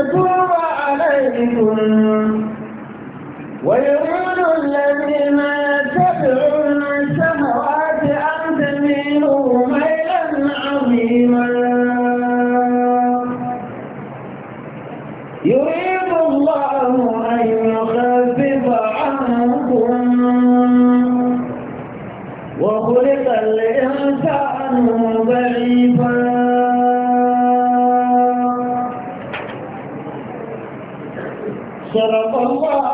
يتوب عليكم ويقول الذين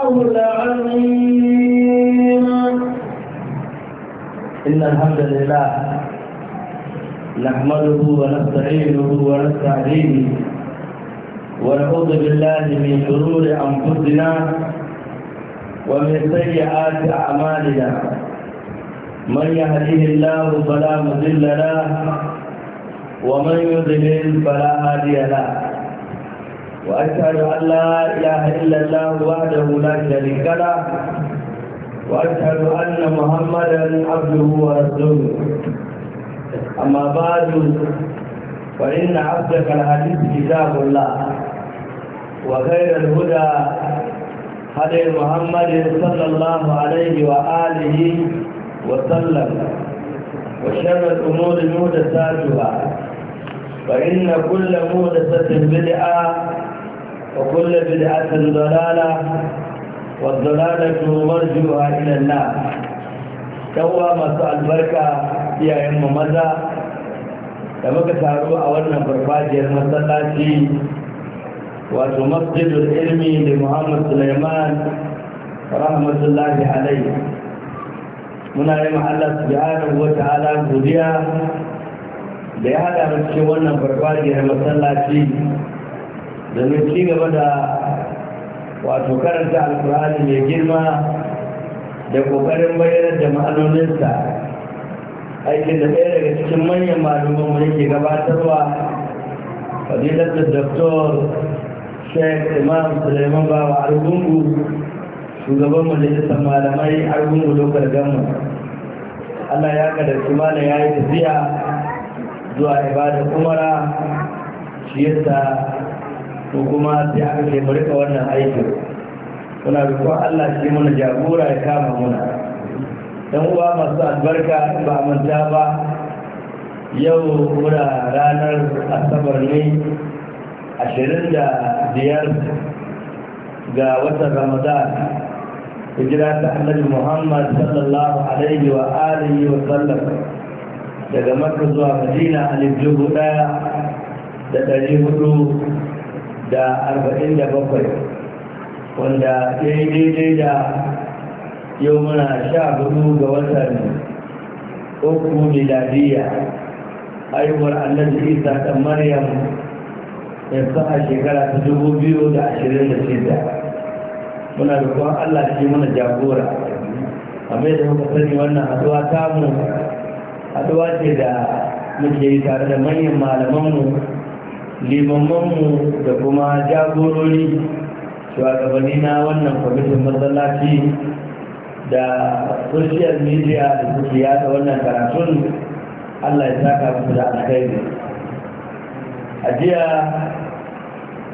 إن الحمد لله نحمده ونستعينه ونستعينه ونعوذ بالله من شرور أنفسنا ومن سيئات أعمالنا من يهديه الله فلا مضل له ومن يضلل فلا هادي له وأشهد أن لا إله إلا الله وحده لا شريك له وأشهد أن محمدا عبده ورسوله أما بعد فإن أصدق الحديث كتاب الله وخير الهدى هدي محمد صلى الله عليه وآله وسلم وشر الأمور مهدساتها فإن كل مهدسة بدعة وكل بدعة ضلالة والضلالة مرجوها إلى النار توا مساء البركة يا أم مزا da muka taru a wannan farfajiyar masallaci wato masjidul ilmi da muhammad suleiman rahmatullahi alaihi muna yi Allah subhanahu wa ta'ala godiya da ya hada mu cikin wannan farfajiyar masallaci domin ci gaba da wato karanta alkur'ani mai girma da kokarin bayanar da ma'anoninsa aikin da ɗaya daga cikin manyan malumin mu yake gabatarwa fadilar da doktor sheikh imam suleiman bawa argungu shugaban majalisar malamai argungu lokar gamu allah ya da kimanin ya yi tafiya zuwa ibada umara shi yasa ko kuma sai aka ce mu rika wannan aiki. muna roƙon Allah shi muna jagora ya kama muna dan uwa masu albarka ba manta ba yau muna ranar asabar ne ashirin da biyar ga watan ramadan hijira ta annabi muhammad sallallahu alaihi wa alihi wa sallam daga makka zuwa madina alif dubu daya da ɗari hudu da arba'in da bakwai wanda ya yi daidai da yau muna sha hudu ga watan uku miladiya haihuwar annabi isa ɗan maryam yanzu a shekara ta dubu biyu da ashirin da shida muna roƙon allah shi muna jagora kamar da muka sani wannan haduwa tamu haɗuwa ce da muke yi tare da manyan malamanmu limamanmu da kuma jagorori shugabanni na wannan kwamitin matsalaci da social media da suke yada wannan karatun allah ya saka musu da alkhairi a jiya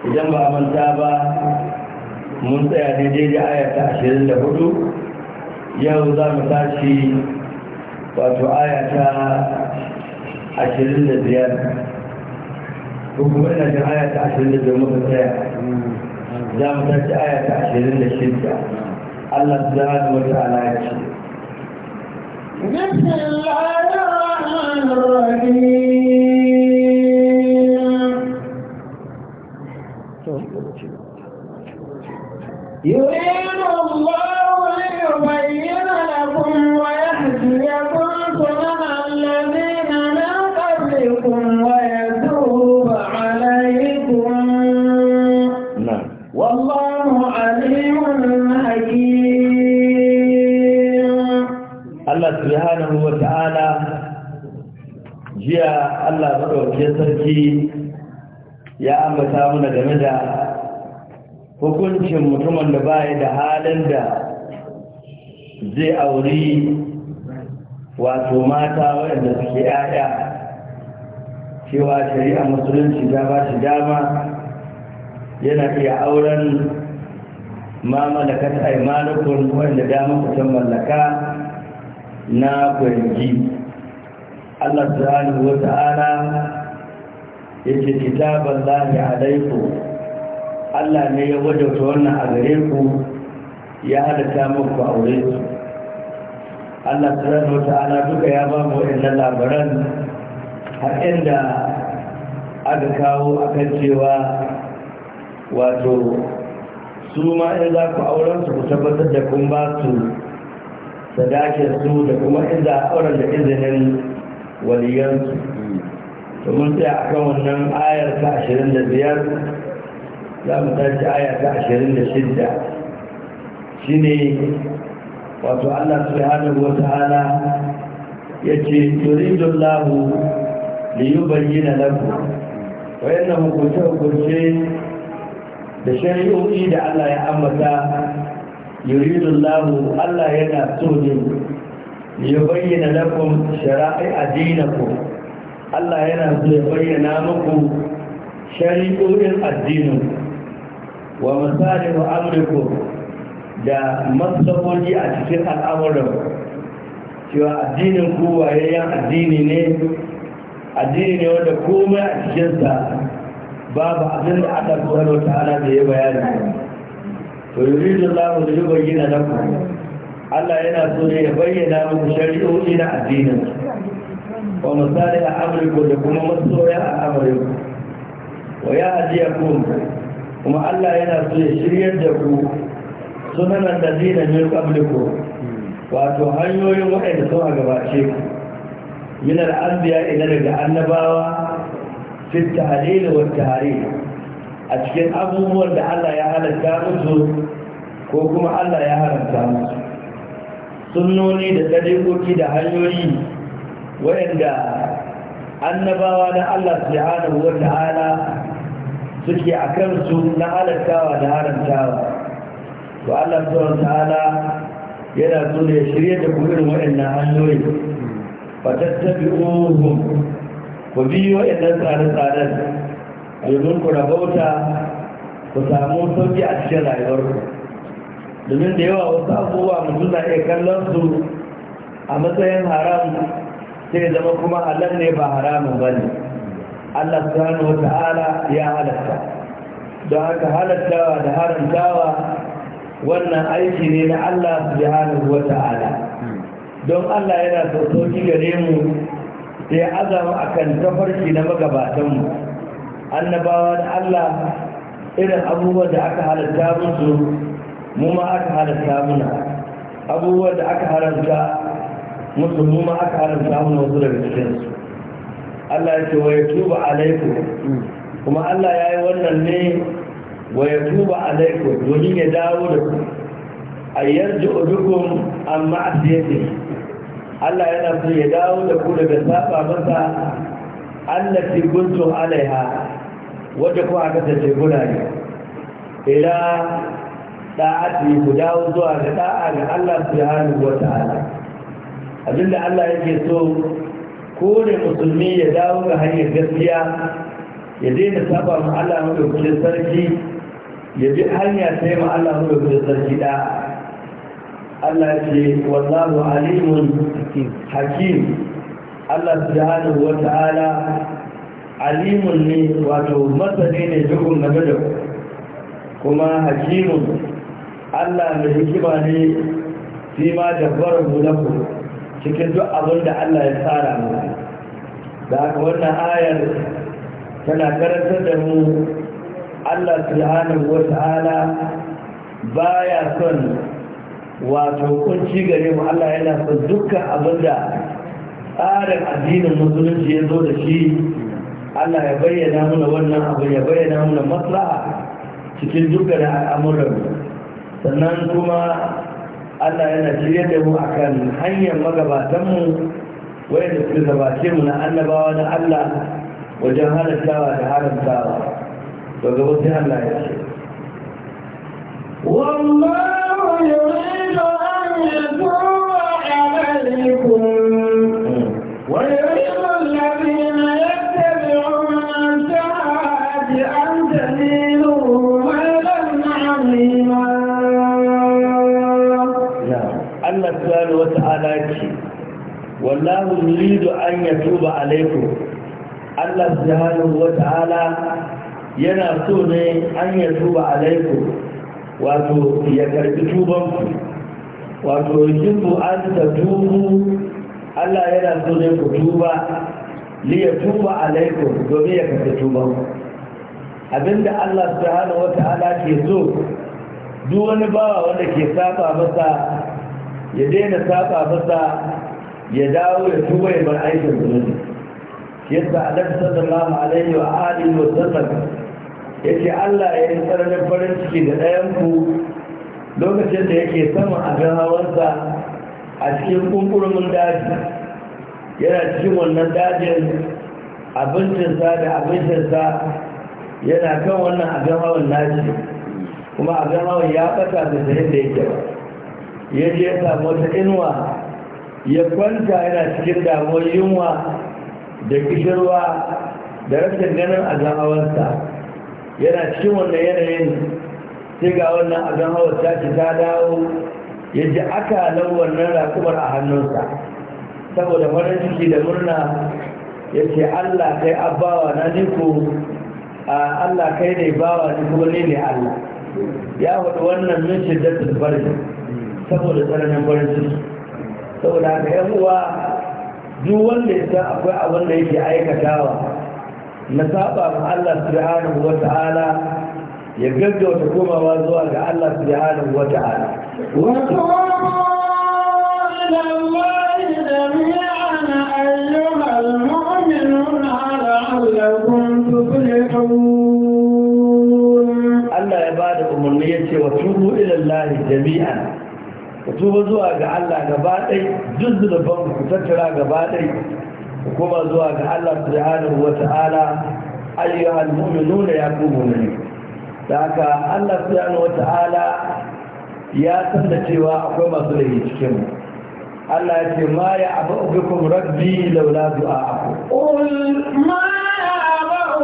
idan ba a manta ba mun tsaya ne daidai ayata ashirin da hudu yau za mu tashi wato ayata ashirin da biyar حكم في آية عشرين للمتساع زامتك آية عشرين للشدة الله سبحانه وتعالى يكشف بسم الله الرحمن الرحيم يريد الله jiya Allah maɗauke sarki ya ambata mana game da hukuncin mutumin da baya da halin da zai auri wato mata waɗanda suke ‘ya'ya cewa shari'a musulunci ta ba shi dama yana iya auren da malakata aimanukun wanda damar kusan mallaka na kwanji Allah subhanahu wa ta'ala yake kitaban lahi alaiku. Allah ne ya wajauta wannan a gare ku ya halatta muku aure su Allah subhanahu wa duka ya ba mu wa'annan labaran har inda aka kawo akan cewa wato su ma in za ku auren su ku tabbatar da kun ba su sadakin su da kuma in auren da izinin waliyansu domin sai a kan wannan ayar ta ashirin da biyar za mu tashi aya ta ashirin da shidda shi ne wato allah subhanahu wa ta'ala ya ce turidun lahu da yi bayyana lagu wayannan hukunce-hukunce da shari'o'i da allah ya ambata yuridun lahu allah yana so ne ya bayyana lafin shara'i a dinaku Allah yana zuwa bayyana muku shari'o'in addinin wa misalin amurku da matsaboji a cikin al'amuran cewa addinin kowa ya yi addini ne addini ne wanda kome a cikinsa babu abin da aka zuwa ta ana da ya bayani to yi rizun lafin da bayyana naku. Allah yana so ne ya bayyana muku shari'o'i na addinin wa misali a Amurka da kuma masoya a Amurka wa ya ajiya ku kuma Allah yana so ya shiryar da ku sunan addinin min qabliku wato hanyoyin waɗanda sun a gabace ku min al-anbiya ila daga annabawa fi tahlil wa tahrif a cikin abubuwan da Allah ya halatta musu ko kuma Allah ya haramta musu sunnoni da tsadaikoki da hanyoyi waɗanda annabawa na Allah subhanahu wa ta'ala suke a kansu na halartawa da harantawa to Allah subhanahu ta'ala yana so ya shirye da ku hanyoyi, waɗannan hanyoyi fa tattabi'uhum ku biyo idan tsare-tsaren domin ku rabauta ku samu sauki a cikin rayuwarku domin da yawa wasu abubuwa mutum na iya kallon su a matsayin haram sai zama kuma halar ne ba haramun ba ne allah hannu wata ya halatta don haka halattawa da haramtawa wannan aiki ne na allah hannu wata don allah yana sautoki gare mu sai azama a akan tafarki na magabatanmu annabawa da allah irin abubuwan da aka halatta musu mu ma aka haramta muna abubuwan da aka haramta musu mu ma aka haramta muna wasu daga cikinsu Allah ya ce wa ya tuba alaiku kuma Allah ya yi wannan ne wa ya tuba alaiku domin ya dawo da ku a yarji udukun amma a Allah yana so ya dawo da ku daga saba masa Allah allati gunto alaiha wadda ku aka tace guna ne ila da'ati ku dawo zuwa ga da'a ga Allah subhanahu ta'ala abinda Allah yake so ko ne musulmi ya dawo ga hanyar gaskiya ya daina saba ma Allah madaukakin sarki ya bi hanya ta yi ma Allah madaukakin sarki da Allah ce wallahu alimun hakim Allah subhanahu ta'ala alimun ne wato masani ne dukkan game da kuma hakimun Allah mai hikima ne fi ma jabbar mulaku cikin duk abin da Allah ya tsara mu da aka wannan ayar tana karantar da mu Allah subhanahu wa ta'ala baya son wato kunci gare mu Allah yana son duka abin da tsarin addinin musulunci ya zo da shi Allah ya bayyana mana wannan abu ya bayyana mana maslaha cikin dukkan al'amuran mu sannan kuma allah yana shirya da mu akan hanyar magabatanmu wai wayanda suka gabace mu na annabawa na allah wajen halittawa da haramtawa daga wasu allah ya ce والله يريد أن يتوب عليكم ويريد الله wallahu yuridu an yatuba alaikum Allah subhanahu wa ta'ala yana so ne an yatuba alaikum wato ya karbi tuban ku wato yubu an tatubu Allah yana so ne ku tuba li yatuba alaikum domin ya karbi tuban ku abinda Allah subhanahu wa ta'ala ke so duk wani bawa wanda ke saba masa ya daina saba masa ya dawo ya tuba ya bar aikin zunubi yadda annabi sallallahu alaihi wa alihi wa sallam yace Allah ya yi tsananin farin ciki da ɗayan ku lokacin da yake sama a kan hawansa a cikin kunkurumin daji yana cikin wannan dajin abincinsa da abincinsa yana kan wannan abin hawan naji, kuma abin hawan ya ɓata da sayin da yake ba ya je ya samu wata inuwa ya kwanta yana cikin damuwar yunwa da kishirwa da rashin ganin azamawansa yana cikin wannan yanayin sai ga wannan azamawar ta ci ta dawo ya ji akalan wannan rakumar a hannunsa saboda farin ciki da murna ya ce allah kai abawa na niko allah kai ne bawa ni kuma ne ne allah ya faɗi wannan min da farin saboda tsananin farin ciki saboda da yan uwa duk wanda ya san akwai a wanda yake aikatawa na saba ma Allah subhanahu wa ta'ala ya gaggauta komawa zuwa ga Allah subhanahu wa ta'ala Allah ya ba da umarni ya ce wa tubu ilallahi jami'an ka tuba zuwa ga Allah gaba ɗai duk ban ku tattara gaba ɗai ku kuma zuwa ga Allah subhanahu wa ta'ala al'ummi mu'minuna ya ku mu'mini da aka Allah subhanahu wa ta'ala ya san da cewa akwai masu da cikin Allah ya ce ma ya abu bikum rabbi laula du'a'aku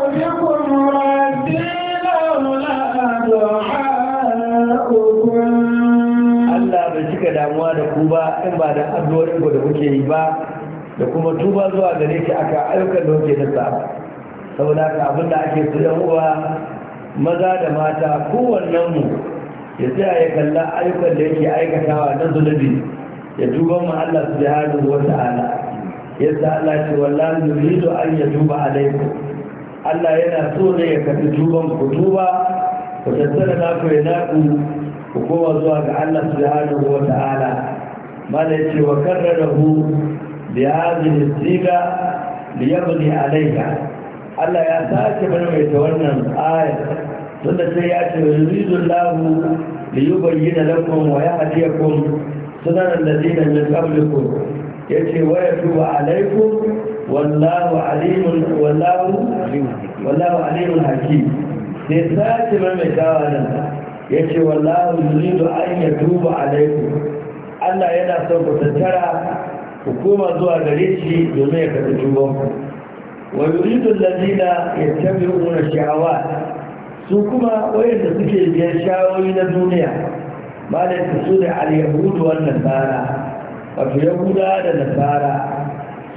qul abu da cika damuwa da ku ba in ba da ko da kuke yi ba da kuma tuba zuwa gare ki aka ayyukan da kuke nasa saboda ka abin da ake so yan uwa maza da mata kowannen mu ya tsaya ya kalla ayyukan da yake aikatawa na zunubi ya tuba mu Allah subhanahu wa ta'ala yadda Allah ya ce wallahi yuridu an yatuba alaikum Allah yana so ne ya kafi tuban ku tuba ku tattara naku ya naku ku kowa zuwa ga Allah subhanahu wa ta'ala mala yace wa karrarahu bi hadhihi siga li yabni alayka Allah ya sake barwaita wannan ayar tunda sai ya ce yuridullahu li yubayyana lakum wa yahdiyakum sunan alladhina min qablikum yace wa ya alaykum wallahu alimun wallahu wallahu alimun hakim sai sake barwaita wannan ya ce wallahu yuridu an ya duba alaiku. Allah yana son ku tattara ku zuwa gare shi domin ya karɓi tuban ku wa yuridu allazina yattabi'una shahawat su kuma wayanda suke biyar shawoyi na duniya ba da su da al-yahudu wannan tsara, wato yahuda da nasara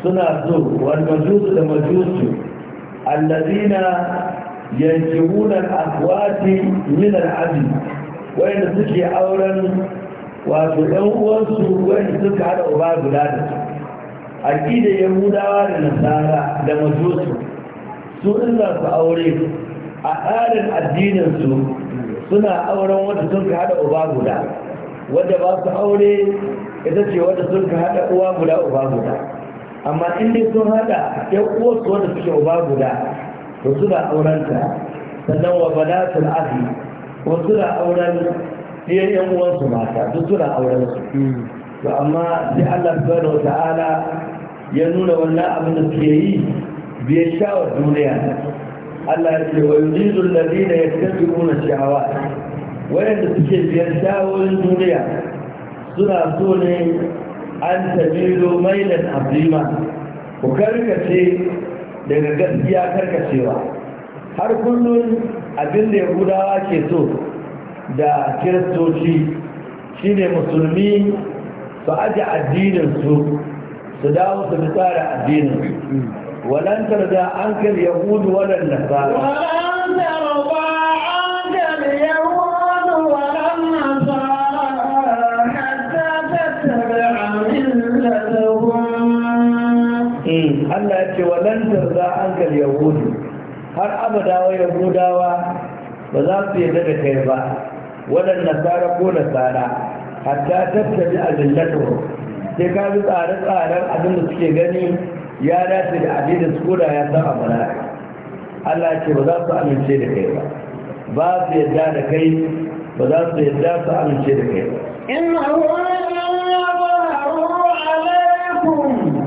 suna so wal majusu da majusu allazina yankihuna al-akhwati min al-abi suke auren wato ɗan wanda wayanda suka haɗa uba guda da su da yahudawa da nasara da majusu su in za su aure a tsarin addininsu suna auren wanda sun ka hada uba guda Wanda ba su aure ita ce wanda sun ka hada uwa guda uba guda amma inda sun haɗa yan uwarsu wadda suke uba guda wasu na aurenta sannan wa banatul ahi wasu na auren ɗiyan yan uwansu mata duk suna auren to amma sai Allah ta'ala ya nuna wannan abin da suke yi bai shawar duniya Allah ya ce wa yuzilu wayanda suke biyar shawoyin duniya suna so ne an tabilu azima ku karkace daga gaskiya karkacewa har kullum abin da yahudawa ke so da kiristoci shine musulmi su aji addininsu su dawo su da addininsu walantar da an kar yahudu waɗanda sa Allah ya ce za tarza ankal yahudu har abadawa yahudawa ba za su yarda da kai ba wadan nasara ko nasara hatta tattabi azillatu sai ka bi tsare-tsaren abin da suke gani ya dace da abin da su da ya san abu Allah Allah ce ba za su amince da kai ba ba su yadda da kai ba za su yadda su amince da kai ba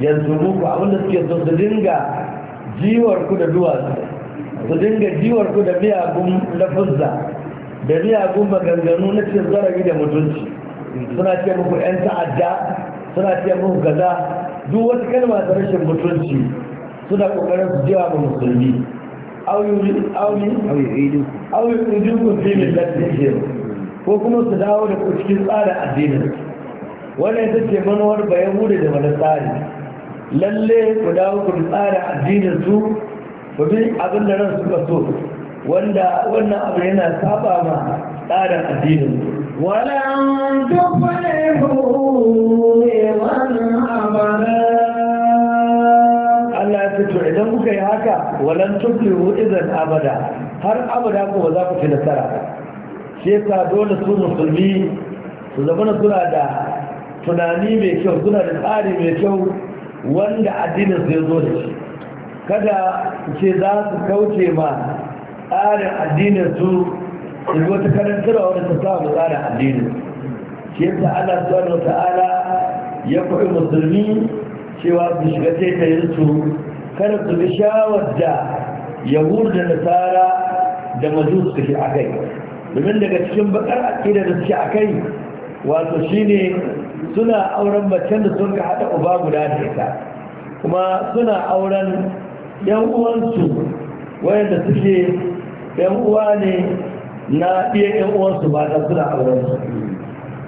yanzu muku abinda suke so su dinga jiwar ku da duwatsu su dinga jiwar ku da miyagun lafuzza da miyagun maganganu na cin zarafi da mutunci suna ce muku 'yan ta'adda suna ce muku gaza duk wata kalma ta rashin mutunci suna kokarin su jiwa ga musulmi auyi ku fi millatin ko kuma su dawo da ku cikin tsarin addinin wannan ita ce manuwar bayan da wani tsari lalle ku dawo ku tsara addinin su ku bi abin da ran suka so wanda wannan abu yana saba ma tsarin addinin su walan tukfalihu Allah ya to idan kuka yi haka walan tukfalihu idan abada har abada ko za ku fi nasara shi yasa dole su musulmi su zama suna da tunani mai kyau suna da tsari mai kyau wanda addinin su ya zo da shi kada ce za su kauce ma tsarin addinin su in wata karantarwa wadda ta samu tsarin addinin shi yadda Allah subhanahu ta'ala ya kuɗi musulmi cewa su shiga taitayin su kada su bi shawar da yahud da nasara da majus suke a kai domin daga cikin bakar akidar da suke a kai wato shine suna auren macen da sun ka haɗa uba guda da ita kuma suna auren yan uwansu wayanda suke yan uwa ne na iya yan uwansu ba da suna auren su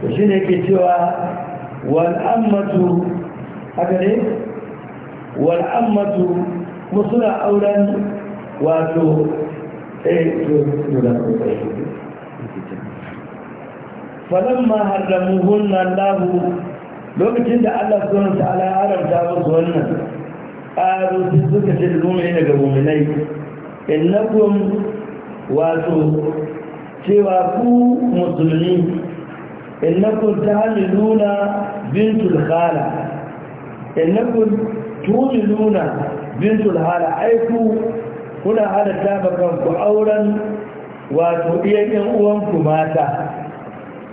to shine ke cewa wal ammatu haka ne wal ammatu kuma suna auren wato eh to falamma harramuhunna Allahu lokacin da Allah subhanahu ta'ala ya haramta musu wannan qalu suka ce mu'mini daga mu'minai innakum wato cewa ku musulmi innakum tahmiluna bintul khala innakum tumiluna bintul hala aiku kuna hada tabakan ku auren wato iyayen uwanku mata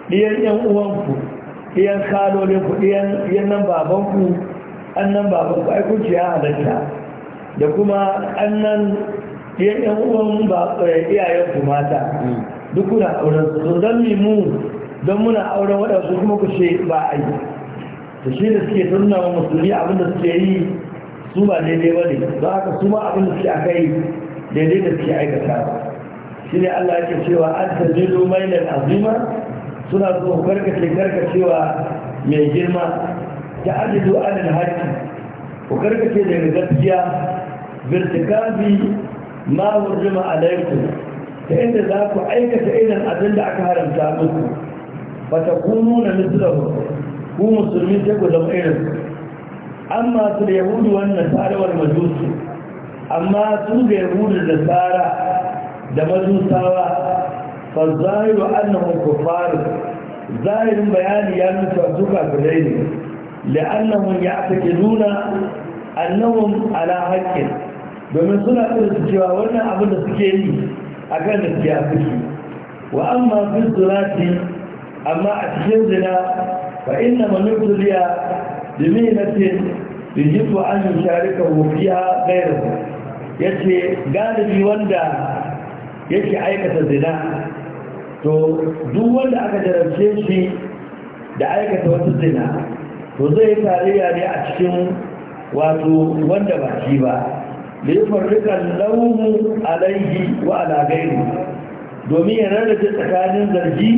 ɗiyan yan uwanku ɗiyan kalolinku ɗiyan nan babanku an nan babanku ai kun ya halatta da kuma an nan ɗiyan yan uwan eh, iyayenku mata duk kuna auren su don mu don muna auren waɗansu kuma ku ce ba a yi da shi da suke sun wa musulmi abinda suke yi su ba daidai ba ne don haka su ma abinda suke aka yi daidai da suke aikata shi ne allah yake cewa an tajidu mailan azima suna so karkace karkacewa mai girma ta ajidu anil haƙi ku karkace daga gaskiya birtikabi ma hurrima Da ta inda za ku aikata irin abin da aka haramta musu, ba ta kuno na ku musulmi sai ku zama irin An masu da yahudu wannan tsarewar majusu amma su da yahudu da tsara da majusawa فالظاهر أنهم كفار ظاهر بيان يانس وسوكا كلين لأنهم يعتقدون أنهم على حق domin suna irin cewa wannan abin da suke yi a kan gaskiya suke wa an mafi amma a cikin zina fa inna manukuliya domin na ce da an yi ya ce galibi wanda yake aikata zina to duk wanda aka jarabce shi da aikata wata zina to zai tarayya ne a cikin wato wanda ba shi ba da yi farrikan launin alaihi wa alagairu domin ya rarrace tsakanin zargi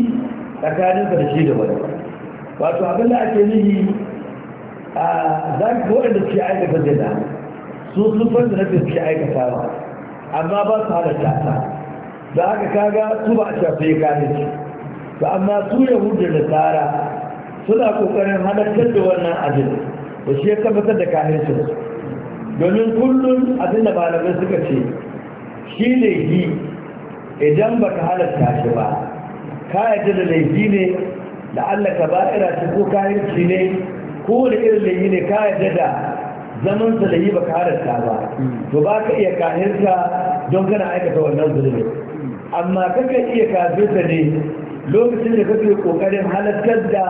tsakanin zargi da wani wato abin da ake nihi a zaki waɗanda suke aikata zina su sun fanta na suke aikata amma ba su halatta ta da haka kaga su ba a shafe su to amma su yahudu da tsara suna kokarin halartar da wannan abin da shi ya tabbatar da su domin kullum abin da malamai suka ce shi yi idan ba ka halarta shi ba ka yadda da laifi ne da allah ka ba'ira ce ko shi ne ko da irin laifi ne ka da zaman sa da yi ba ka halarta ba to ba ka iya kafirta don kana aikata wannan zulmi amma kake iya ta ne lokacin da kake kokarin halartar da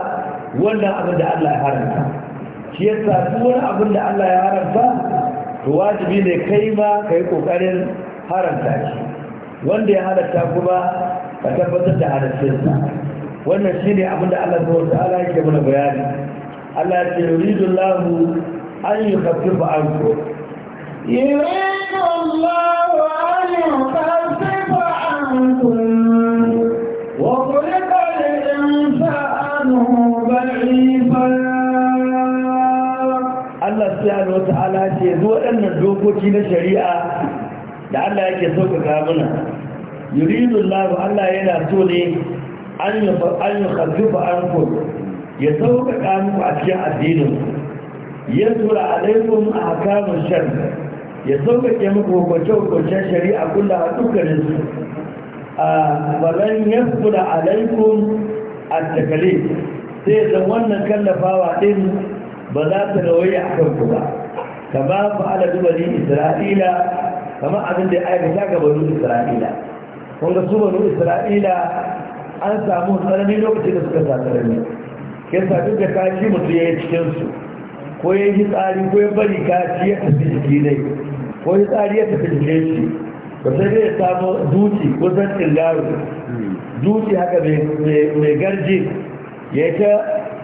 wannan abin da Allah ya haramta shi yasa duk wani abin da Allah ya haramta to wajibi ne kai ma kai kokarin haramta shi wanda ya halarta kuma ka tabbatar da halartarsa wannan shine abin da Allah subhanahu wataala yake mana bayani Allah ya ce yuridu Allah an yukhaffifa ankum yuridu Allah subhanahu wata'ala ce yanzu waɗannan dokoki na shari'a da Allah yake so ka kamuna yuridu Allah Allah yana so ne an yi an ankum ya ka muku a cikin addinin ya tura alaikum ahkamun shari'a ya ke muku hukunce-hukuncen shari'a kulla a dukkanin su a balan yasbura alaikum a takale sai da wannan kallafawa din ba za ta rawaya a kanku ba kama fa'ala ni isra'ila kama abin da ya aikata ga banu isra'ila kun ga su banu isra'ila an samu tsanani lokacin da suka sa tsanani ke sa duk da kashi mutum ya yi cikinsu ko ya yi tsari ko ya bari kashi ya tafi jiki ne ko ya tsari ya tafi jikin shi ba sai dai samu duci ko zan tsingaro duci haka mai garje ya ta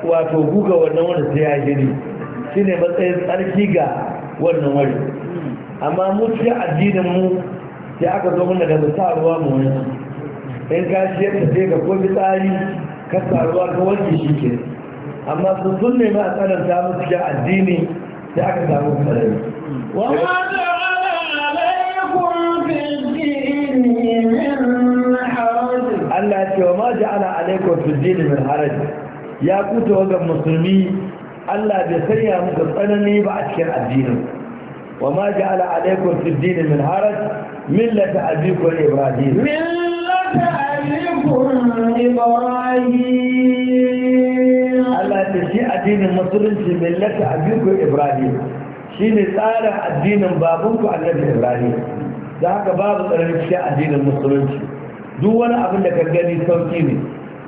wato guga wannan wani sai ya gini shi ne matsayin tsarki ga wannan wani amma mu ya addinin mu sai aka zo mana da sa mu wani in ka shi yadda sai ka ko fitsari ka sa ka wanke shi ke amma sun sun nema a tsananta musu cikin addini sai aka samu tsarari Allah ya ce wa ma ja'ala alaikum fi dini min haraji ya kuta wagan musulmi Allah bai sanya muku tsanani ba a cikin addinin wa ma ja'ala alaikum fi dini min haraj millata abikum ibrahim millata abikum ibrahim Allah ta shi addinin musulunci millata abikum ibrahim shine tsarin addinin babanku annabi ibrahim da haka babu tsarin cikin addinin musulunci duk wani abin da ka gani sauki ne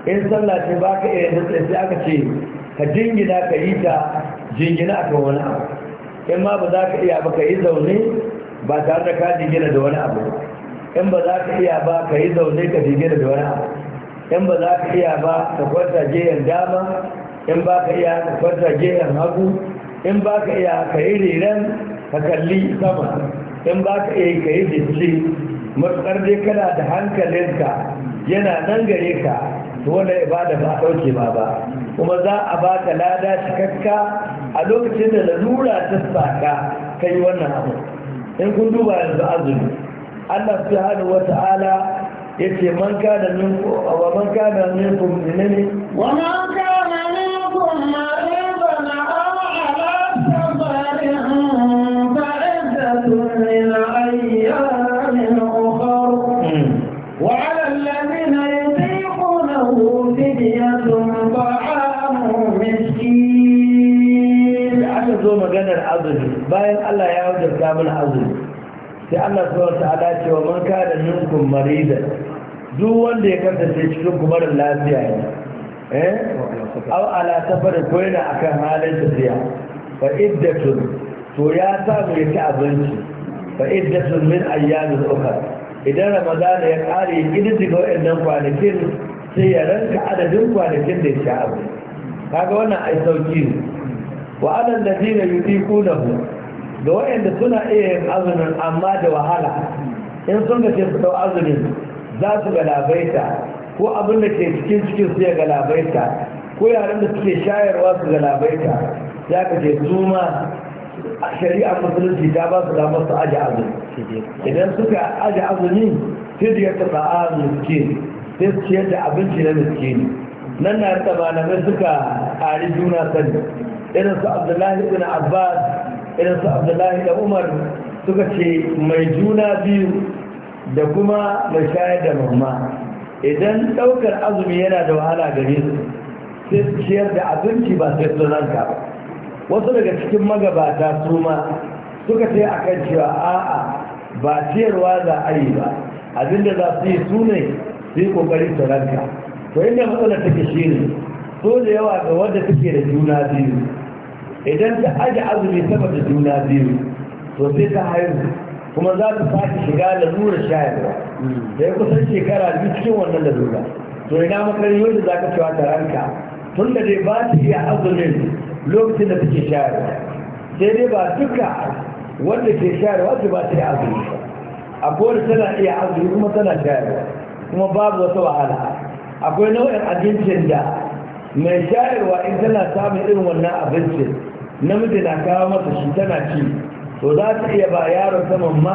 in sallah ce ba ka iya nutsa sai aka ce ka jingina ka yi ta jingina a kan wani abu in ma ba za ka iya ba ka yi zaune ba tare da ka jingina da wani abu in ba za ka iya ba ka yi zaune ka jingina da wani abu in ba za ka iya ba ka kwanta gehen dama in ba ka iya ka kwanta gehen hagu in ba ka iya ka yi riran ka kalli sama in ba ka iya ka yi jisli matsar dai kana da hankalinka yana nan gare ka to wannan ibada ba a ɗauke ba ba kuma za a ba ka lada cikakka a lokacin da lalura ta saka ka yi wannan abu in kun duba yanzu azumi Allah subhanahu wata'ala yace man kana minkum wa man kana minkum ne wa man bayan Allah ya wajarta mana azumi sai Allah wasu ta'ala ce wa man da nukun marida duk wanda ya sai cikin kumarin lafiya ya eh au ala safar ko yana akan halin tafiya fa iddatun to ya samu ya ci abinci fa iddatun min ayyamin ukhra idan ramadana ya kare kididdiga wa'annan kwanakin sai ya ranka adadin kwanakin da ya ci abinci kaga wannan ai sauki ne da zina da wayanda suna iya yin azumin amma da wahala in sun ga ce su azumin za su galabaita ko abin da ke cikin cikin su ya galabaita ko yaran da suke shayarwa su galabaita ya ka ce su ma shari'a musulunci ta ba su damar su aji azumi idan suka aji azumi sai da yadda sa'a miskini sai su ciyar da abinci na ne nan na yadda malamai suka ƙari juna sani irin su abdullahi ibn abbas Idan su abdullahi da umar suka ce mai juna biyu da kuma mai shayar da mamma idan ɗaukar azumi yana da wahala gare su sai su ciyar da abinci ba sai su ranka wasu daga cikin magabata su ma suka ce a kan cewa a'a ba ciyarwa za a yi ba abinda za su yi su ne su yi kokari su ranka to inda matsalar take shi ne so da yawa ga wadda take da juna biyu idan ta aji azumi saboda juna biyu to sai ta haihu kuma za ta sake shiga da nura shayarwa da ya kusan shekara biyu cikin wannan da nura to ina makar yau da za ka cewa ta ranka tun da dai ba ta iya azumin lokacin da take shayarwa sai dai ba duka wanda ke shayarwa ta ba ta iya azumi akwai wanda tana iya azumi kuma tana shayarwa kuma babu wata wahala akwai nau'in abincin da mai shayarwa in tana samun irin wannan abincin namiji na kawo masa shi tana ci to za ta iya ba yaron saman ma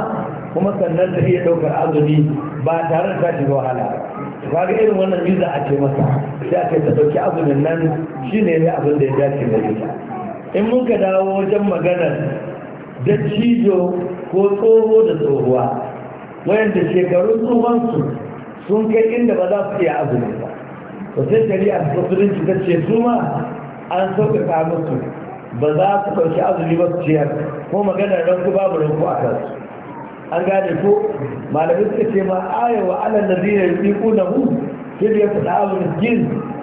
kuma sannan ta iya ɗaukar azumi ba tare da ta shiga wahala ba ga irin wannan miza a ce masa sai aka ta ɗauki azumin nan shi ne ne abin da ya dace da ita in mun ka dawo wajen maganar da cijo ko tsoho da tsohuwa wayanda shekarun tsohonsu sun kai inda ba za su iya azumi ba to sai shari'a ta musulunci ta ce su ma an sauƙaƙa musu ba za su ɗauki azumi ba su ciyar ko maganar ku babu ranku a kansu an gane ko malamin suka ce ma aya wa alal ladina yuqina hu kin ya fada abu miskin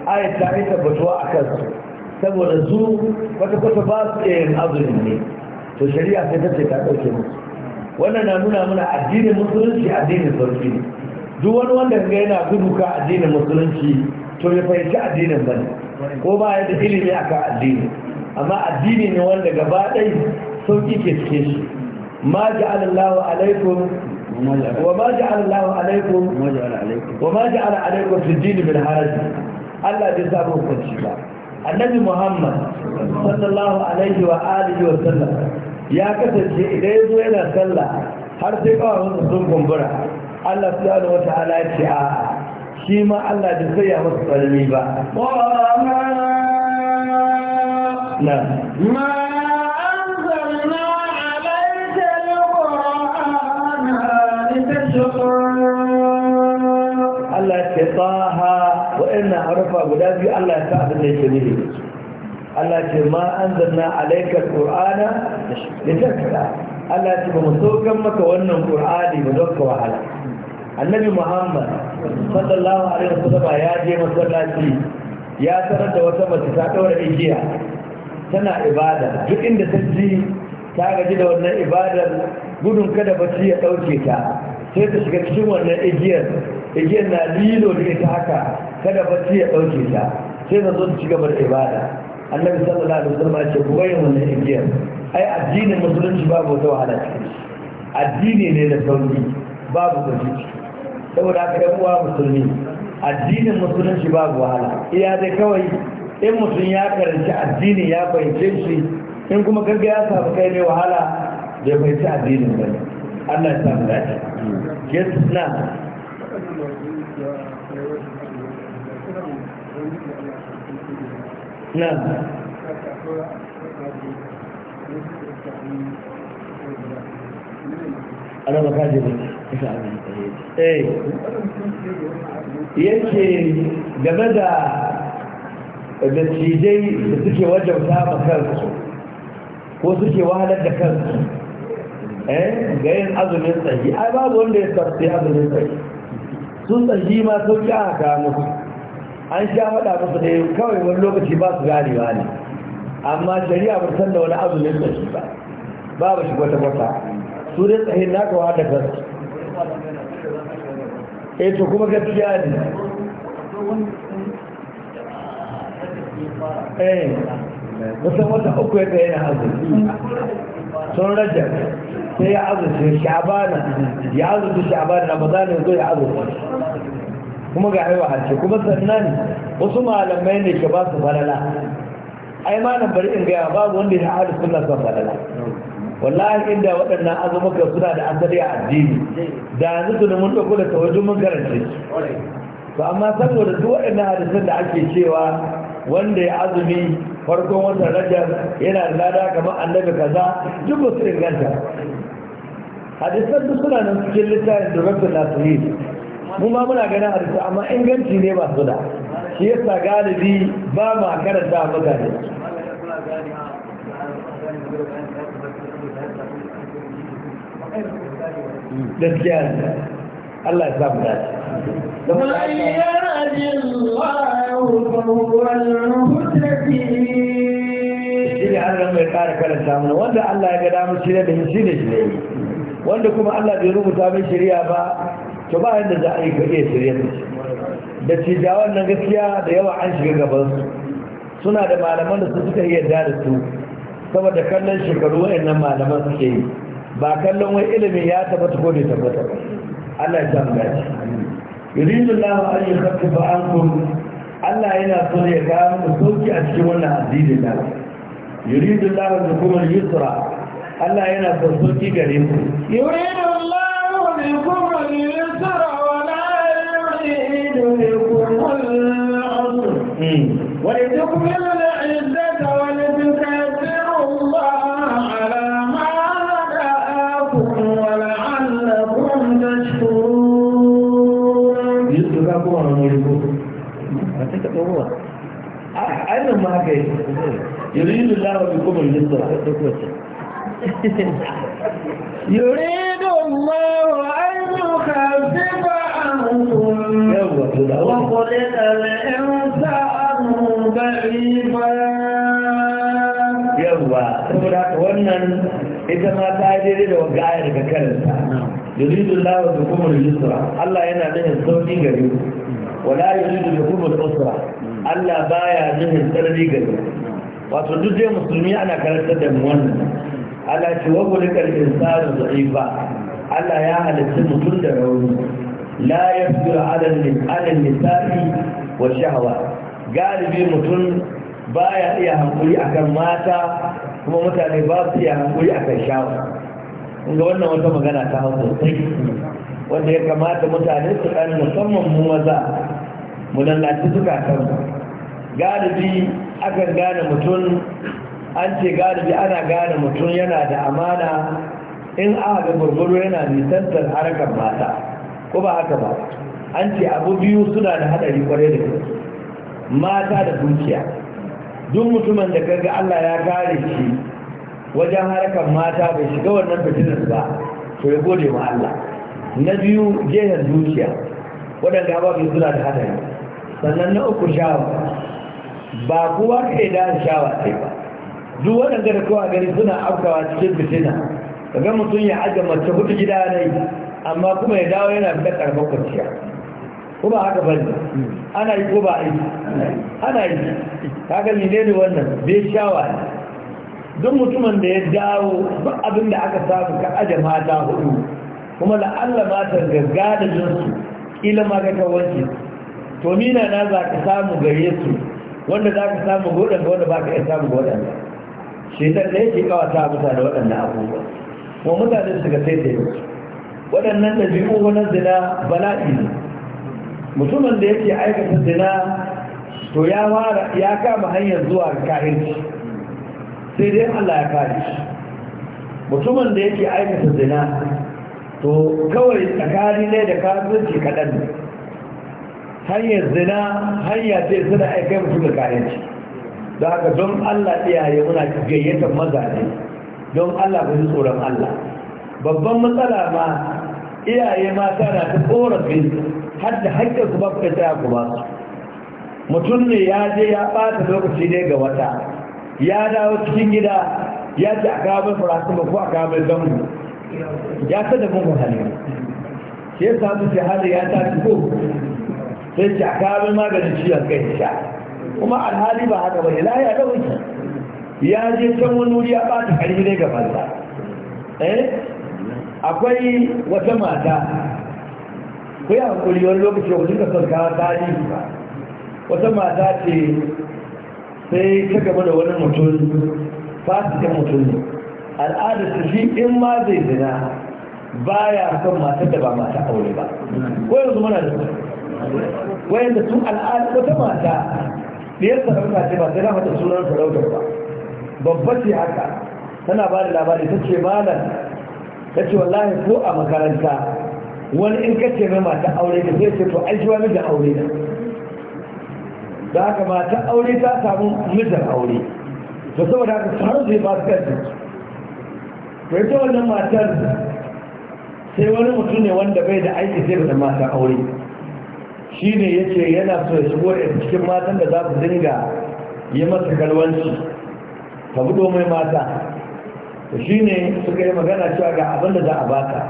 aya ta yi tabbatuwa a kansu saboda su kwata kwata ba su yin azumi ne to shari'a sai ta ce ta ɗauke mu. wannan na nuna mana addinin musulunci addinin sauki ne duk wani wanda ga yana gudu ka addinin musulunci to ya fahimci addinin ne ko ba ya da ilimi akan addini amma addini ne wanda gaba ɗai sauƙi ke cike shi ma ja'ala Allahu alaikum wa ma ja'ala Allahu alaikum wa ma ja'ala alaikum fi dini bil haraj Allah bai sa mu hukunci ba annabi Muhammad sallallahu alaihi wa alihi wa sallam ya kasance idan yazo yana sallah har sai kawai sun kumbura Allah subhanahu wa ta'ala ya ce a shi ma Allah bai ya masa kalmi ba ما أنزلنا عليك القرآن لتشقى الله كطاها Allah ce ma an zanna alaikar ƙur'ana da shakka Allah ce ba mu saukan maka wannan ƙur'ani ba don ka wahala annabi muhammad sallallahu alaihi wasallam ya je masallaci ya sanar da wata mace ta ɗaura igiya tana ibada duk inda ta ji ta gaji da wannan ibadar gudun kada bacci ya ɗauke ta sai ta shiga cikin wannan igiyar igiyar na lilo da ita haka kada bacci ya ɗauke ta sai ta zo ta ci gaba da ibada annabi sallallahu alaihi wasallam ce ku bayyana wannan igiyar ai addinin musulunci babu wata wahala ciki addini ne da sauri babu gaji saboda haka ɗan uwa musulmi addinin musulunci babu wahala iya dai kawai in mutum ya karanci addini ya fahimce shi in kuma karga ya samu kai mai wahala bai fahimci addinin ba Allah ya samu dace na na baka eh yake game da da cijai da suke wajauta a kansu ko suke wahalar da kansu eh ga yin azumin tsayi ai babu wanda ya sarfi azumin tsayi sun tsayi ma ki aka kawo musu an sha faɗa musu da kawai wani lokaci ba su gani ba ne amma shari'a ba san da wani azumin tsayi ba babu shi kwata-kwata su dai tsayin na kawo da kansu eh to kuma gaskiya ne eh kusan wata uku ya tsaye na azumi sun rajar sai ya azurce sha'abana ya azurce sha'abana na maza ne zo ya azurce kuma ga haiwa harce kuma sannan wasu malamai ne ke ba su falala ai ma na bari in gaya babu wanda ya haɗu suna son falala wallahi inda waɗannan azumuka suna da asali a addini da yanzu su mun ɗauko da tawajin mun karanta to amma saboda duk waɗannan hadisan da ake cewa wanda ya azumi farkon wata rajab yana da lada kamar annabi kaza duk ba su inganta hadisan duk suna nan cikin littafin durabtul nasirin mu ma muna ganin hadisi amma inganci ne ba su da shi yasa galibi ba ma karanta mutane gaskiya Allah ya samu dace. karanta wanda Allah ya ga damar shirya da shi ne shirye wanda kuma Allah bai rubuta mai shirya ba to ba yadda za a yi ka iya shirye da shi da cijawan nan gaskiya da yawa an shiga gaban su suna da malaman da su suka iya da su saboda kallon shekaru wa'annan malaman suke yi ba kallon wai ilimin ya tabbata ko bai tabbata ba Allah ya samu mu يريد الله أن يخفف عنكم Allah yana so ya ga mu sauki a cikin wannan addini da yuridu Allah bikum al-yusra Allah yana so sauki gare ku yuridu Allah bikum al-yusra wa la yuridu bikum al-usra wa litukmilu komowa a ainihin ma haka yi yuridu lawa bi kuma yuridu a ɗauko wacce yuridu lawa an yi kafi ba a hukun wakwai ɗal'in sa'an gariba yawwa saboda wannan ita ma ta daidai da wagga ayar daga karanta yuridu lawa bi kuma yuridu Allah yana nufin sauƙi gari wala yuridu lahum al-usra Allah baya nufin sarari gari wato duk dai musulmi ana karantar da mu wannan Allah ce wa bulikal insanu zaifa Allah ya halitta mutum da rauni la yafdur ala al-nisa'i wa shahwa galibi mutum baya iya hankuri akan mata kuma mutane ba su iya hankuri akan shahwa kun ga wannan wata magana ta hau sosai wanda ya kamata mutane su ɗan musamman mu maza mu lallaci zukatan galibi akan gane mutum an ce galibi ana gane mutum yana da amana in aka ga gurguru yana nisantar harkar mata ko ba haka ba an ce abu biyu suna da haɗari kwarai da mata da dukiya duk mutumin da kaga Allah ya kare shi wajen harkar mata bai shiga wannan fitinar ba to ya gode wa Allah na biyu jihar zuciya waɗanda su suna da haɗari sannan na uku shawa ba kuwa kai da shawa ce ba duk waɗanda da kowa gari suna afkawa cikin fitina ga mutum ya ajiye mace hutu gida ne amma kuma ya dawo yana da karfan kwanciya ko ba haka bane ana yi ko ba yi ana yi ne ne wannan bai shawa ne duk mutumin da ya dawo duk abin da aka samu ka aje mata hudu kuma la'alla ma gagga da jinsu ƙila ma ga wanke to mina na za ka samu gare su wanda za ka samu godon ga wanda ba ka iya samu ga waɗanda shaitan da yake kawata mutu mutane waɗanda abubuwa kuma mutane su ga sai da yake waɗannan biyu wannan zina bala'i ne mutumin da yake aikata zina to ya fara ya kama hanyar zuwa kahirci sai dai Allah ya kare shi mutumin da yake aikata zina to kawai tsakani ne da kasuwanci kaɗan ne hanyar zina hanya ce suna aikai mutu da kayanci da haka don allah iyaye muna gayyatar mazaje don allah ku tsoron allah babban matsala ma iyaye mata na ta korafi har da haƙƙin ku ba ta ku ba mutum ne ya je ya ɓata lokaci ne ga wata ya dawo cikin gida ya ce a kawo mai ba ko a kawo mai zango ya ta da mun wahala shi su samu ya ta ko sai shi a kawo maganin ciwon kai sha kuma alhali ba haka bane lahi a ɗauki ya je can wani wuri ya ɓata ƙarfi ne ga banza eh akwai wata mata ko ya hankuli wani lokaci ba duka son kawo tarihi ba wata mata ce sai ta gaba da wani mutum fasikin mutum ne al'adar ta shi in ma zai zina ba ya son matar da ba mata aure ba ko yanzu muna da su wayanda su al'adar wata mata ɗiyar sarauta ce ba sai na mata sunan sarautar ba babba ce haka tana ba da labari ta ce malam ta ce wallahi ko a makaranta wani in ka ce mai mata aure da zai ce to ai shi wani da aure da da haka mata aure ta samu mijin aure to saboda haka sanar zai ba su kansu kai ta wannan matar sai wani mutum ne wanda bai da aiki sai da mata aure shi ne ya ce yana so ya shigo da cikin matan da za su dinga yi masa kalwanci ka budo mai mata shi ne suka yi magana cewa ga abin da za a baka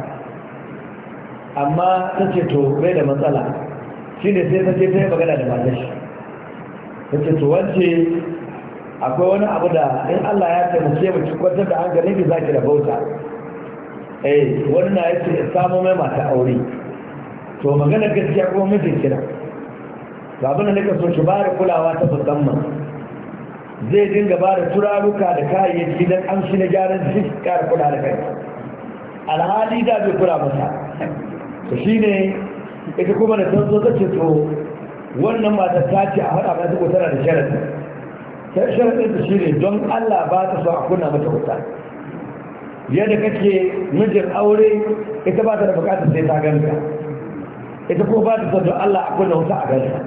amma ta ce to bai da matsala shi ne sai ta ce ta yi magana da matashi ta ce to wance akwai wani abu da in Allah ya taimake mu ki kwatar da hankali ki zaki da bauta eh wani na yace samu mai mata aure to magana gaskiya kuma mijin kira to abin da nake so ki ba da kulawa ta musamman zai dinga ba da turaruka da kayayyaki don amshi na gyaran shi kara kula da kai alhali da bai kula masa to shine ita kuma da tanzo ta ce to wannan mata ta ce a haɗa mata su tana da sharadi sai sharaɗin da shi ne don allah ba ta so a kunna mata wuta yadda kake mijin aure ita ba ta da bukatar sai ta ganta ita ko ba ta so don allah a kuna wuta a ganta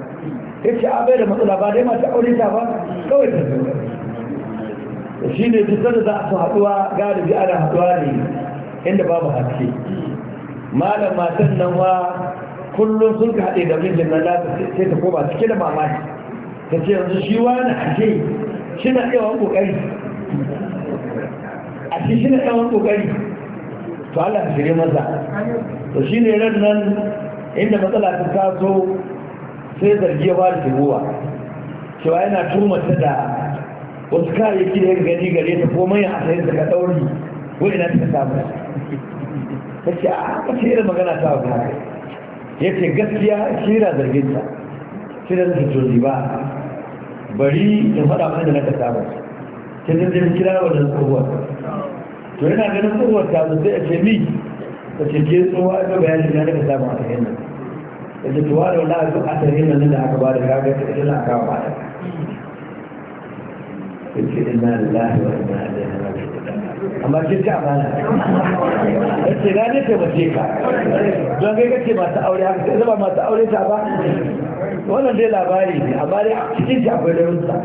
ita a bai da matsala ba dai mata aure ta ba kawai ta zo shi ne duk sanda za a so haɗuwa galibi ana haɗuwa ne inda babu haske malam matan nan wa kullum sun ka haɗe da mijin nan sai ta koma cike da mamaki ka ce yanzu shi wani ashe shi na yawan kokari ashe shi na yawan kokari to Allah ka shirye masa to shi ne ran nan inda matsala ta taso sai zargi ya fara shigowa cewa yana turmata da wasu kayayyaki da ya gani gare ta ko a asayin daga ɗauri wani na ta samu ta ce ah, a kace irin magana ta wa ya ce gaskiya shi zargin zarginta shi da zai ba bari ya faɗa mana da na ka saba ta zai kira da tsohuwa to yana ganin tsohuwa ta zai a ce ni ta ce ke tsohuwa ga bayanin na ka saba a kan da ce tuwa da wani abu a tarihin nan da aka ba da gaga ta ƙasar aka kawo ba ta ce ina lillahi wa ina ilaihi amma kin ta amana ta ce na ne ta mace ka don kai kace masu aure haka sai zama masu aure ta ba wannan dai labari ne a bari a cikin shi akwai darussa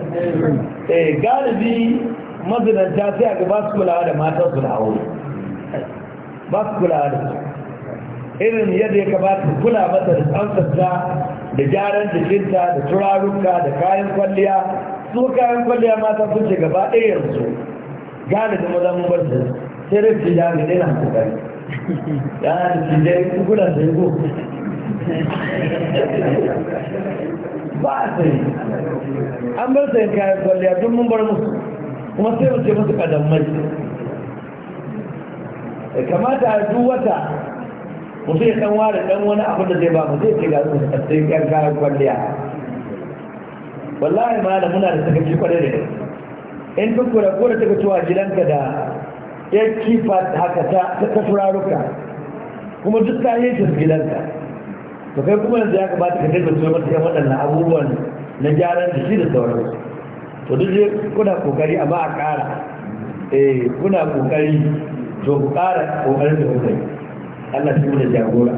eh, galibi mazinanta sai a ga ba su kulawa da matan su da aure ba su kulawa da su irin yadda ya kamata su kula mata da tsantsanta da gyaran jikinta da turarunka da kayan kwalliya su kayan kwalliya mata sun ce gaba ɗaya yanzu galibi mazan mun bar sai rafi ya ga na hankali ya na da cijai kukunan sai ko ba a sai an bar sayan kayan kwalliya don mun bar musu kuma sai mu ce musu kadammai da kamata a duk wata mutum ya san ware dan wani abu da zai ba mu zai ce ga su tsaye yan kayan kwalliya wallahi ma da muna da sakaci kwarai da kai in duk kura ko da take cewa gidanka da ya kifa haka ta ta turaruka kuma duk ta yi gidanka to kai kuma yanzu ya kamata ka dinga tuyo mata yan waɗannan abubuwan na gyaran shi da sauransu to duk dai kuna kokari amma a ƙara eh kuna kokari to ku ƙara kokarin da kuka yi Allah shi da jagora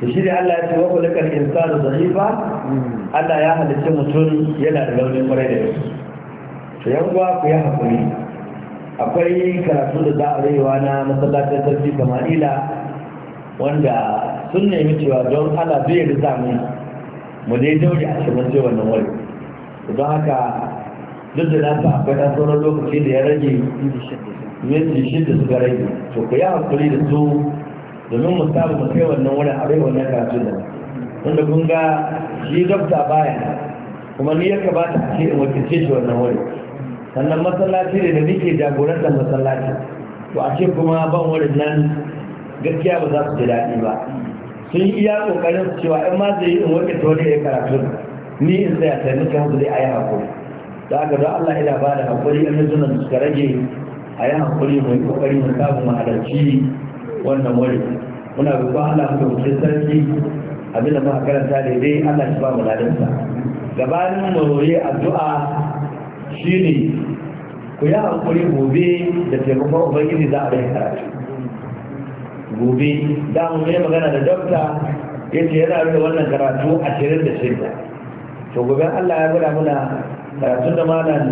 to shi ne Allah ya ce wa kullu kal insanu dhaifa Allah ya halicce mutum yana da launin kwarai da yau to yan uwa ku yi hakuri akwai karatu da za a rayuwa na masallacin sarki kamalila wanda sun nemi cewa don ala zai riza mu mu dai daure a cikin sai wannan wani don haka duk da lafa akwai ɗan sauran lokaci da ya rage minti shida suka rage to ku yi hankali da su domin mu samu mu kai wannan wani a bai wannan kasu da wanda kun ga shi gabta baya kuma ni ya kamata a ce in wakilce shi wannan wani. sannan masallaci ne da nake jagorantar masallaci to a ce kuma ban wani nan gaskiya ba za su ji daɗi ba sun iya kokarin cewa in ma zai yi in wani ta wani ya karatu ni in tsaya sai muke hanzu zai ayi hakuri da aka don Allah ina ba da hakuri in yanzu nan suka rage a yi hakuri mai kokari mu halarci mahalarci wannan wani muna roƙon Allah mu dauke sarki abinda muka karanta daidai Allah shi ba mu ladansa gabanin mu roye addu'a shine ku yi hakuri gobe da taimakon ubangiji za a rage karatu gobe damu ne magana da dokta ya ce yana da wannan karatu a shirin da shida to gobe allah ya gura muna karatun da malam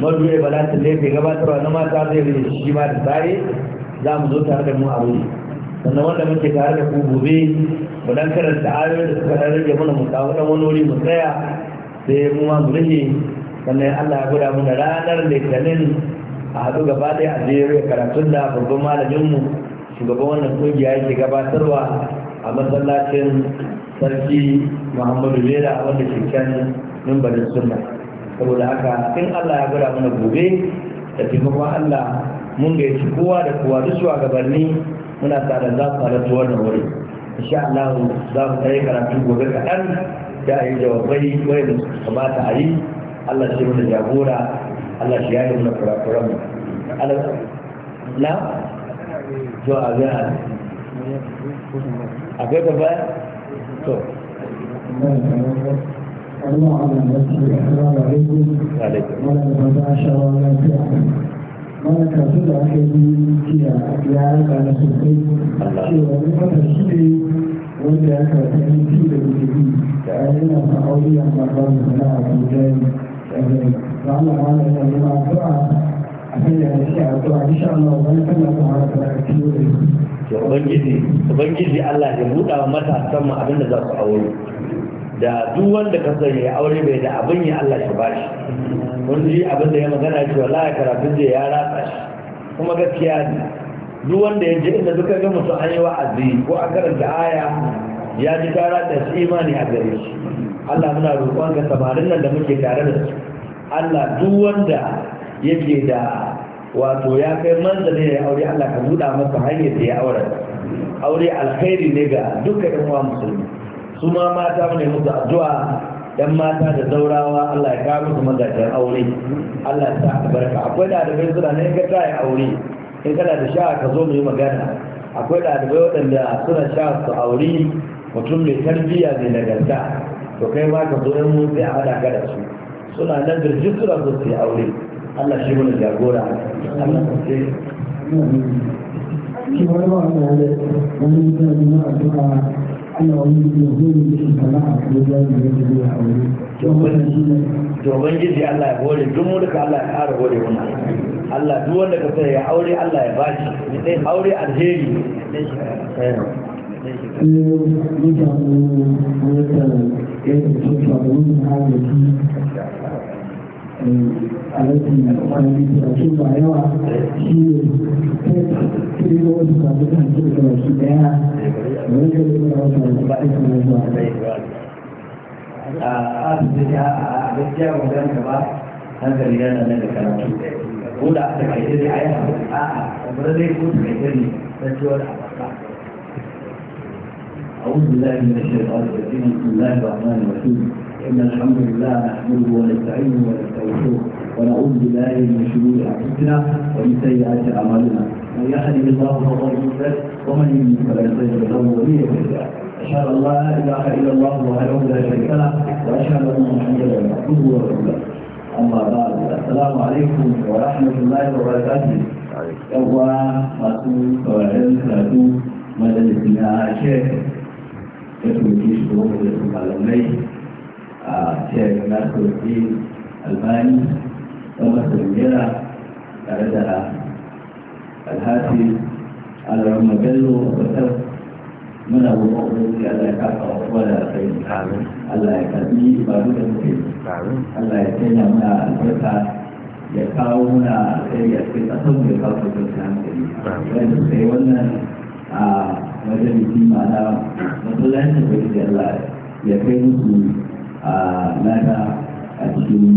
maduwe bala ta laifi gabatarwa na mata zai rage shi ma da tsari za mu zo tare da mu a wuri sannan wanda muke tare da ku gobe mu dan karanta ayoyi da suka rage muna mu samu dan wani wuri mu tsaya sai mu ma mu rage sannan allah ya gura muna ranar litinin a haɗu gaba ɗaya a jere karatun da babban mu. shugaban wannan kungiya yake gabatarwa a masallacin sarki muhammadu lera wanda ke can mimbarin sunna saboda haka in allah ya gura mana gobe da taimakon allah mun gaici kowa da kowa duk gabanni muna tsada za su halarta wannan wuri insha allah za mu tsaye karatu gobe kaɗan da a yi jawabai da su kamata a yi allah shi mana jagora allah shi ya yi mana kurakuranmu na to a ga a kai ka baya to mana kasu da aka yi jiya ya rika na sosai cewa wani fata shi ne wanda ya karta yi ci da wuri da ya yana sa aure amma ba mu sana'a ko jari da ba na mana yana nema addu'a abinda ya ce a ta daga cikin da Ubangiji, Ubangiji Allah ya buɗa wa matasan mu da za su aure. Da duk wanda ka sani ya aure bai da abin ya Allah shi ba shi. Mun ji abin da ya magana shi wala la karatun da ya ratsa shi. Kuma gaskiya ne. Duk wanda ya ji inda suka ga mutum an yi wa'azi ko an karanta aya ya ji tara da su imani a gare shi. Allah muna roƙon ga samarin nan da muke tare da su. Allah duk wanda yake da wato ya kai manzane ya aure Allah ka buɗa masa hanyar da ya aure aure alkhairi ne ga duka ɗan uwa musulmi su ma mata ne musu addu'a yan mata da zaurawa Allah ya kawo musu mazajen aure Allah ya sa albarka akwai ɗalibai suna ne ga ta aure in kana da sha ka zo mu yi magana akwai ɗalibai waɗanda suna sha su aure mutum mai tarbiyya mai nagarta to kai ma ka zo ɗan mun sai a haɗa ka da su suna nan da jisura su yi aure Allah shi mana jagora Allah ka Allah ya gode duk mu duka Allah ya ƙara gode mana Allah duk wanda ka sai ya aure Allah ya bashi sai aure alheri mutane ne eh, ta yadda su faru da halittu alaƙi kwanaki talatin ba yawa shi ne kai wasu da daya wani da wasu ba a gaskiya wajen da a a ta أعوذ بالله من الشيطان الرجيم بسم الله الرحمن الرحيم إن الحمد لله نحمده ونستعينه ونستغفره ونعوذ بالله من شرور أنفسنا ومن سيئات أعمالنا من يهده الله فهو مهتد ومن يهده فلا تجد له ولي أشهد أن لا إله إلا الله وحده لا شريك له وأشهد أن محمدا عبده ورسوله أما بعد السلام عليكم ورحمة الله وبركاته يوا ماتو سوائل ساتو مدلسنا شيخ يتوكيش بروح للمعلمين a shek nasiruddin albani da masu rigera tare da alhafi alarma bello wata muna roƙon ubangiji Allah ya kafa wa kowa da kai Allah ya karbi ibadu da muke Allah ya tsaya muna albarka ya kawo muna alheri a cikin ƙasar mu ya kawo kwanciyar hankali wanda da yi wannan a wajen biki ma'ana masallacin ubangiji ya kai musu a lada a cikin